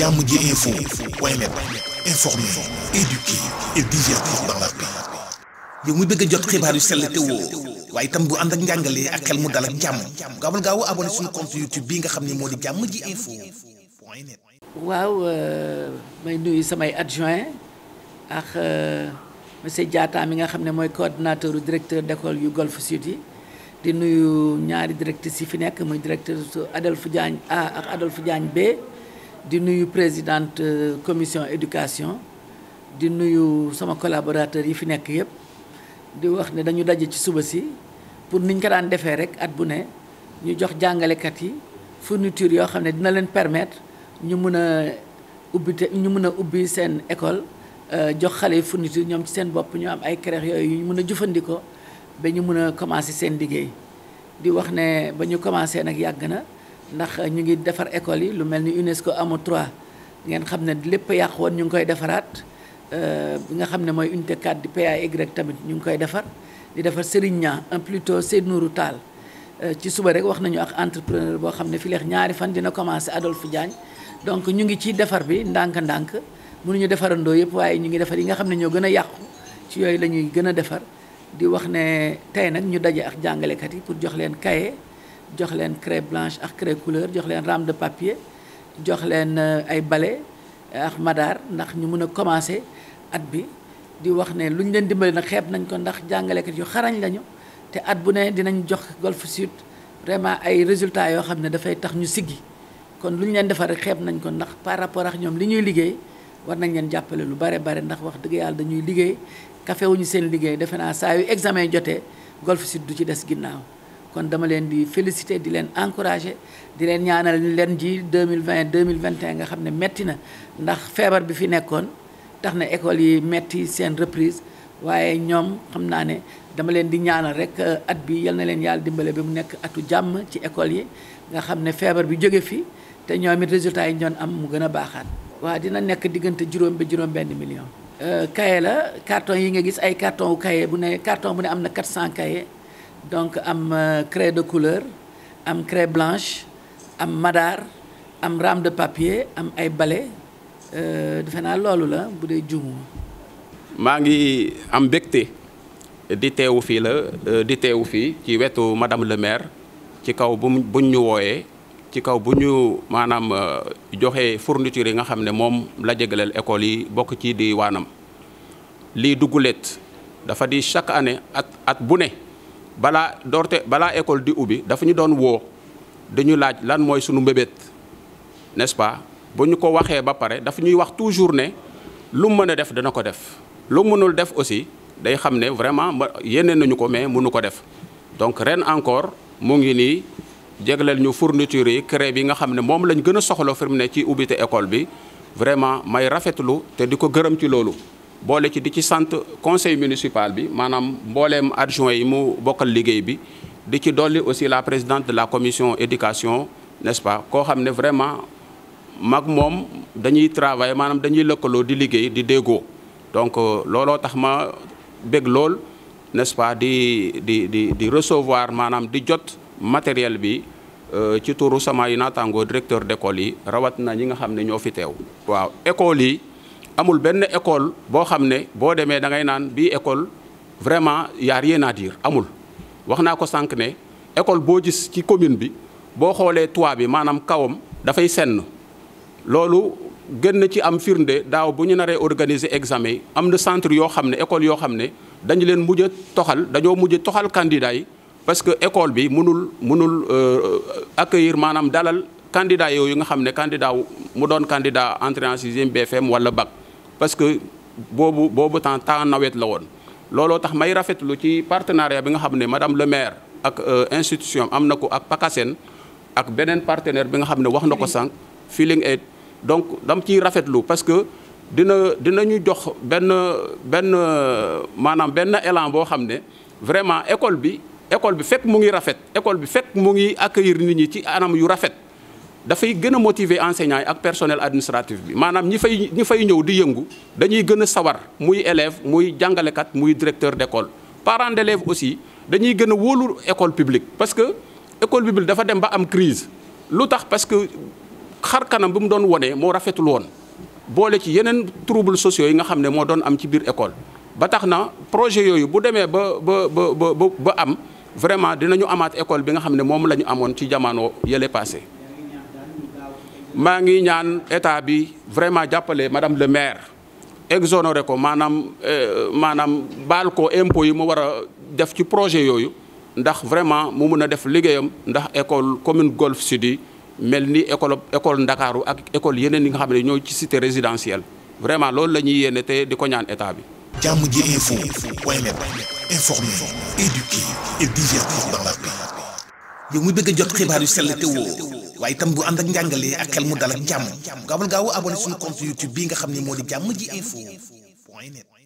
jàmm ji info point net yow mi bëgg jot xibaar yu sell te woo waaye itam bu ànd ak njàngalee ak xel mu dal ak jàmm gaawal gaaw abonné suñu compte YouTube bi nga xam ne moo di jàmm ji info point net. waaw euh, may nuyu samay adjoint ak euh, monsieur Diatta mi nga xam ne mooy coordinateur directeur d'école yu Golf Sud yi di nuyu ñaari directrices yi fi nekk muy directeur Adolphe Diagne A ak Adolphe Diagne B. di nuyu présidente euh, commission éducation di nuyu sama collaborateurs yi fi nekk yëpp di wax ne dañu daje ci suba si pour niñ ko daan defee rek at bu ne ñu jox jàngalekat yi fourniture yoo xam ne dina leen permettre ñu mën a ubbi te ñu mën a ubbi seen école euh, jox xale yi fourniture ñoom ci seen bopp ñu am ay crèche yooyu ñu mën a jëfandikoo ba ñu mën a commencer seen liggéey di wax ne ba ñu commencer nag yàgg na. ndax ñu ngi defar école yi lu mel ni UNESCO amu trois ngeen xam ne lépp yàq woon ñu ngi koy defaraat euh, bi nga xam ne mooy unité 4 di PAY tamit ñu ngi koy defar di defar Serigne Niang un plutôt Seydou Nourou taal euh, ci suba rek wax nañu ak entrepreneur boo xam ne fi leex ñaari fan dina commencé Adolphe Diagne donc ñu ngi ci defar bi ndànk-ndànk ñu defarandoo yëpp waaye ñu ngi defar yi nga xam ne ñoo gën a yàqu ci yooyu lañuy gën a defar di wax ne tey nag ñu daje ak jàngalekat yi pour jox leen cahier jox leen craie blanche ak craie couleur jox leen rame de papier jox leen euh, ay bale euh, ak madaar ndax ñu mën a commencer at bi di wax ne lu ñu leen dimbali nag xeeb nañ ko ndax jàngalekat yu xarañ lañu te at bu ne dinañ jox Golf Sud vraiment ay résultats yoo xam ne dafay tax ñu siggi kon lu ñu leen defar rek nañ ko ndax par rapport ak ñoom li ñuy liggéey war nañ leen jàppale lu bare bare ndax wax dëgg yàlla dañuy liggéey kafewuñu seen liggéey defe naa saa yu examen jotee Golf du ci des ginnaaw kon dama leen di féliciter di leen encourager di leen ñaanal leen ji deux mille vingt 2020 2021 nga xam ne metti na ndax feebar bi fi nekkoon tax na école yi metti seen reprise waaye ñoom xam naa ne dama leen di ñaanal rek uh, at bi yal na leen yàlla dimbale bi mu nekk atu jàmm ci école yi nga xam ne feebar bi jóge fi te ñoom it résultat yi ñu am mu gën a baaxaat waa dina nekk diggante juróom ba juróom benn million kaye uh, la carton yi nga gis ay carton wu kaye bu ne carton bu ne am na 400 kaye donc am euh, craie de couleur am craie blanche am madar am rame de papier am ay bale euh, defe naa loolu la bu dee jumu maa ngi am mbégte di teewu fii la euh, di teewu fii ci wetu madame le maire ci kaw bu buñ ñu wooyee ci kaw bu ñu maanaam joxe fourniture yi nga xam ne moom la jégaleel école yi bokk ci di waanam lii dugguleet dafa di chaque année at at bu ne balaa doorte balaa école di ubbi dafa ñu doon woo dañu laaj lan mooy sunu mbébét n'est-ce pas bu ñu ko waxee ba pare dafa ñuy wax toujours ne lu mën a def dana ko def lu mënul def aussi day xam ne vraiment yéene nañu ko mais mënu ko def donc ren encore mu ngi nii jégleel ñu fourniture yi cré bi nga xam ne moom lañ gën a soxla firmu ne ci ubbite école bi vraiment may rafetlu te di ko gërëm ci loolu boole ci di ci sant conseil municipal bi maanaam mbooleem adjoint yi mu bokkal liggéey bi di ci dolli aussi la présidente de la commission éducation n'est-ce pas koo xam ne vraiment mag moom dañuy travailler maanaam dañuy lëkkaloo di liggéey di déggoo donc euh, looloo tax ma bég lool nest pas di di di di recevoir maanaam di jot matériel bi euh, ci turu sama yi naataangoo directeur d'école yi rawat na ñi nga xam ne ñoo fi teew waaw école yi amul benn école boo xam ne boo demee da ngay naan bii école vraiment y a rien amul wax naa ko sànq ne école boo gis ci commune bi boo xoolee toit bi maanaam kawam dafay senn loolu gën na ci am firnde daaw bu ñu naree organiser examen yi am na centre yoo xam ne école yoo xam ne dañu leen mujj a toxal dañoo mujj toxal candidat yi parce que école bi munul mënul euh, accueillir maanaam dalal candidat yooyu nga xam ne candidat mu doon candidat entrée en sixième wala bac parce que boobu boobu temps temps nawet la woon looloo tax may rafetlu ci partenariat bi nga xam ne madame le maire ak euh, institution am na ko ak PACASEN ak beneen partenaire bi nga xam ne wax na ko sànq Feeling Aid donc dam ciy rafetlu parce que dina dina dinañu jox benn benn maanaam benn élan boo xam ne vraiment école bi école bi fekk mu ngi rafet école bi fekk mu ngi accueillir nit ñi ci anam yu rafet dafay gën a motiver enseignants yi ak personnel administratif bi maanaam ñi fay ñi fay ñëw di yëngu dañuy gën a sawar muy élève muy jàngalekat muy directeur d'école parents d'élèves aussi dañuy gën a wóolu école publique parce que école publique dafa dem ba am crise lu tax parce que xar kanam bi mu doon wone moo rafetul woon boole ci yeneen troubles sociaux yi nga xam ne moo doon am ci biir école ba tax na projet yooyu bu demee ba ba ba ba ba am vraiment dinañu amaat école bi nga xam ne moom la ñu amoon ci jamono yële passé maa ngi ñaan état bi vraiment jàppale madame le maire exonéré ko maanaam euh, maanaam baal ko impôt yi mu war a def ci projet yooyu ndax vraiment mu mun a def liggéeyam ndax école commune Golf Sud mel ni école école Ndakaaru ak école yeneen yi nga xam ne ñoo ci site résidentielle vraiment loolu la ñuy yéene te di ko ñaan état bi. jàmm ji info waaye nag informer éduquer et divertir dans la waaye tam bu ànd ak njàngalee ak xel mu dal ak jàmm gaawal gaaw abonné suñu compte YouTube bii nga xam ne moo di jàmm ji info